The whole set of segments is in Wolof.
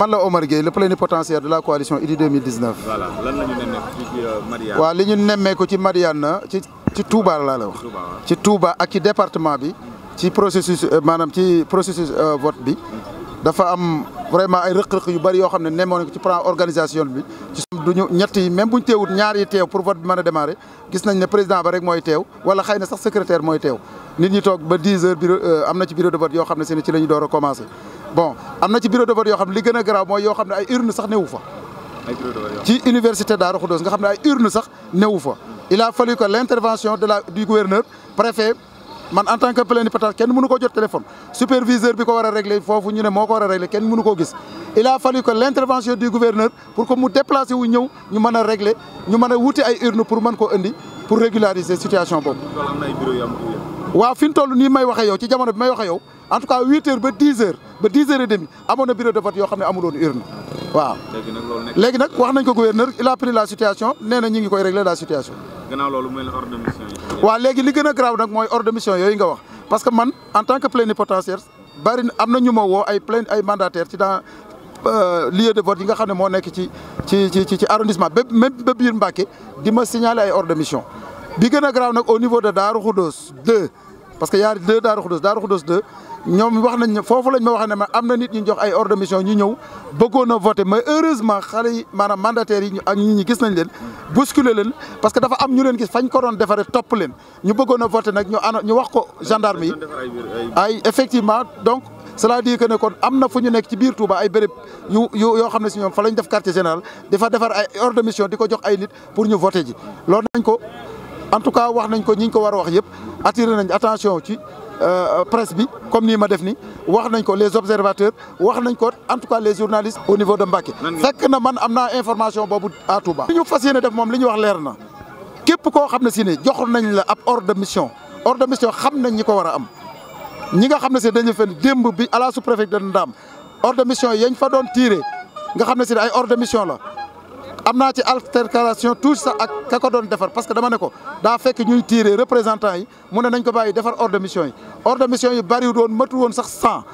man la Omar Gueye le plénipotentiaire de la coalition Idy 2019. voilà lan ñu nemmeeku ci euh, waaw li ñu nemmeeku ci Madiyana ci ci Touba laa la wax. ci Touba ak ci département bi. ci processus euh, maanaam ci processus euh, vote bi. dafa am vraiment ay rëq-rëq yu bari yoo xam ne nemmoo nañ ko ci plan organisation bi. ci du ñu ñett yi même bu ñu teewut ñaar teew pour vote bi mën a démarrer gis nañ ne président ba rek mooy teew wala xëy na sax secrétaire mooy teew. nit ñi toog ba 10 heures bureau am na ci bureau de vote yoo ne si ci la door a commencé. bon am na ci bureau de vote yoo xam ne li gën mooy yoo xam ne ay urne sax newu fa ci université Darou Khoudoss nga xam ne ay urne sax newu fa il a fallu intervention de la du gouverneur préfet man en tant que plénipotentiaire kenn mënu ko jot téléphone superviseur bi ko war a régler foofu ñu ne moo ko war a régler kenn mënu koo gis il a fallu l' intervention du gouverneur pour que mu déplacé wu ñëw ñu mën a régler ñu mën a wuti ay urne pour man koo indi pour régulariser situation boobu waaw fi ñu toll nii may waxee yow ci jamono bi may waxee yow en tout cas huit heures ba dix heures ba dix heures et amoon na bureau de vote yoo xam ne amuloon urne waaw. léegi nag wax nañ ko gouverneur il la pris la situation nee na ñu ngi koy régler la situation. gannaaw mooy la ordre léegi li gën a grave nag mooy ordre de mission yooyu nga wax parce que man en tant que plénipotentiaire bari am na ñu ma woo ay plainte ay mandataire ci dans euh, lieu de vote yi nga xam ne moo nekk ci ci ci ci arrondissement ba même ba biir Mbacké di ma signaler ay ordre de mission bi gën a grave nag au niveau de Darou Khoudoss 2 parce que yaari deux Daaru Xudoos Daaru Xudoos deux ñoom wax nañ ne foofu lañ ma wax ne ma am na nit ñu jox ay ordre de mission ñu ñëw bëggoon a voté mais heureusement xale yi maanaam mandataires yi ak ñi gis nañ leen bousculer leen parce que dafa am ñu leen gis fañ ko doon defaree top leen ñu bëggoon a voté nag ñu ana ñu wax ko gendarme yi ay effectivement donc cela dit que ne kon am na fu ñu nekk ci biir Touba ay béréb yu yu yoo xam ne si ñoom fa lañ def quartier général dafa defar ay ordre di ko jox ay nit pour ñu voté ji loolu nañ ko en tout cas wax nañ ko ñi ñu ko war a wax yëpp attiré nañ attention ci euh, euh, presse bi comme nii ma def ni wax nañ ko les observateurs wax nañ ko en tout cas les journalistes au niveau de Mbacké fekk na man am na information boobu à Touba. li ñu fas yéene def moom li ñu wax leer na képp koo xam ne si ne jox nañ la ab ordre de mission ordre de mission xam nañ ñi ko war a am ñi nga xam ne si daño fen démb bi ala la sous-préfecture de Ndam ordre de mission yañ fa doon tiré nga xam ne si ay ordre de la am naa ci altercation tout ça ak ka ko doon defar parce que dama ne ko daa fekk ñuy tiire représentant yi mu ne nañ ko bàyyi defar ordre de mission yi ordre de mission yi bari woon matu woon sax cent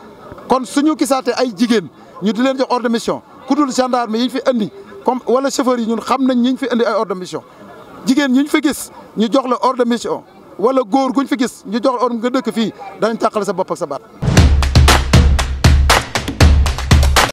kon suñu gisaatee ay jigéen ñu di leen jox ordre de mission ku dul yi fi indi comme wala chauffeur yi ñun xam nañ ñi ñu fi indi ay ordre mission jigéen ñi ñu fi gis ñu jox la ordre mission wala góor guñ fi gis ñu jox la ordre nga dëkk fii danañ tàqale sa bopp ak